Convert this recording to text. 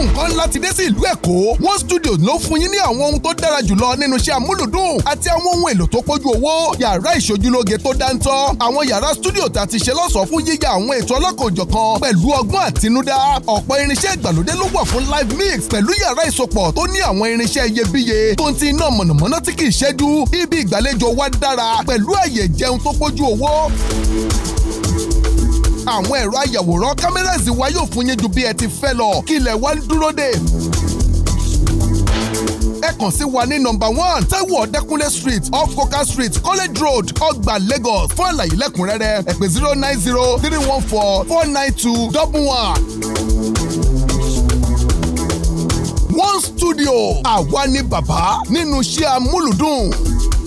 àdéhùn kan ńlá ti dé sí ìlú Èkó One Studio ló fún yín ní àwọn ohun tó dára jùlọ nínú iṣẹ́ amúlùdùn àti àwọn ohun èlò tó pójú owó yàrá ìṣojúlóge tó dáńtọ́ àwọn yàrá studio tá ti ṣe lọ́sọ̀ọ́ fún yíyá àwọn ètò ọlọ́kan-ò-jọ̀kan pẹ̀lú ọgbọ́n àtinúdá ọ̀pọ̀ irinṣẹ́ ìgbàlódé ló wà fún live mix pẹ̀lú yàrá ìsopọ̀ tó ní àwọn irinṣẹ́ iyebíye tó ń ti iná mọ̀nàmọ́ná tí kì í ṣẹ́jú ibi ìgbàlejò wa dára pẹ̀lú àyè jẹun tó pójú owó àwọn ẹ̀rọ àyàwòrán kámẹ́rẹ́sì wa yóò fún yín ju bí ẹ ti fẹ́ lọ kí ilẹ̀ wa ń dúró dè ẹ kàn sí wa ní nọ́mbà one taiwo ọ̀dẹ́kunlé street off coca street college road ọgbà lagos fún àlàyé lẹ́kùnrẹ́rẹ́ ẹ zero nine zero three one four four nine two double one. one studio àwa ni bàbá nínú iṣẹ́ amúlùdùn.